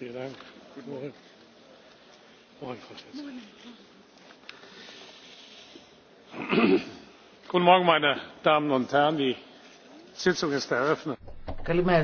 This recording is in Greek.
Vielen Dank. Guten Morgen. Guten Morgen, meine Damen und Herren. Die Sitzung ist eröffnet.